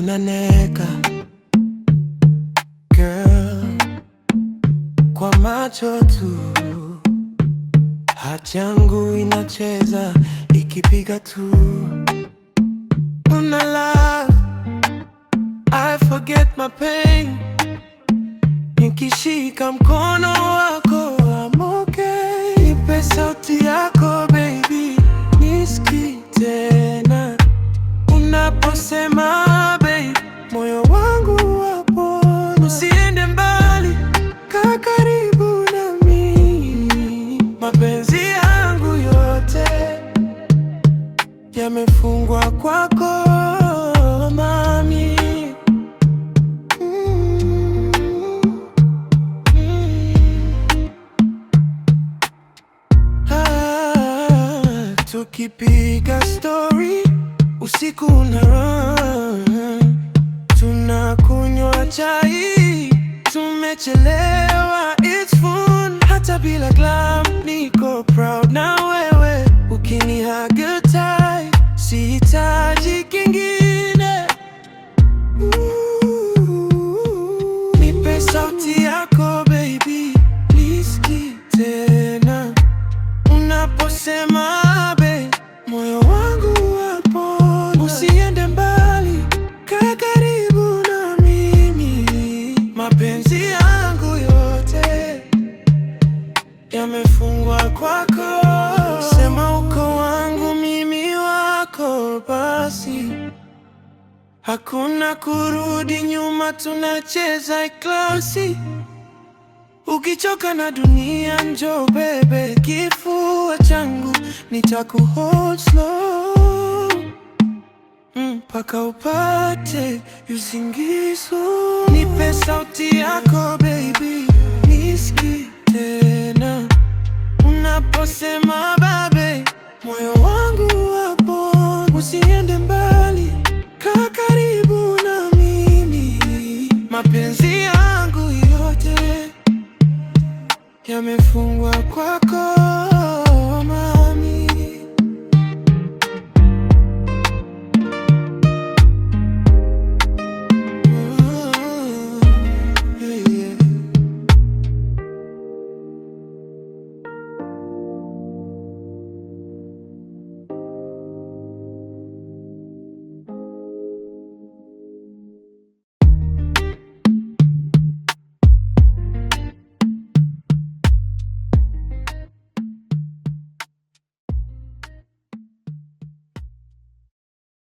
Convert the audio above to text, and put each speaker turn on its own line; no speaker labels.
unaneka girl, kwa macho tu hati inacheza ikipiga tu una love, I forget my pain nikishika mkono wako okay. nipe sauti yako kufungwa kwako mami mm. Mm. tukipiga usiku na run, tunakunywa chai tumechelewa, it's fun hata bila glass sauti yako baby, liski tena unaposema be, moyo wangu wapo Usiende mbali, kaa karibu na mimi, mapenzi yangu yote yamefungwa kwako. Sema uko wangu mimi wako basi Hakuna kurudi nyuma, tunacheza klasi. Ukichoka na dunia, njo bebe kifua changu, nitakuhold slow mm, mpaka upate usingizi. Nipe sauti yako baby, nisikie mapenzi yangu yote yamefungwa kwako.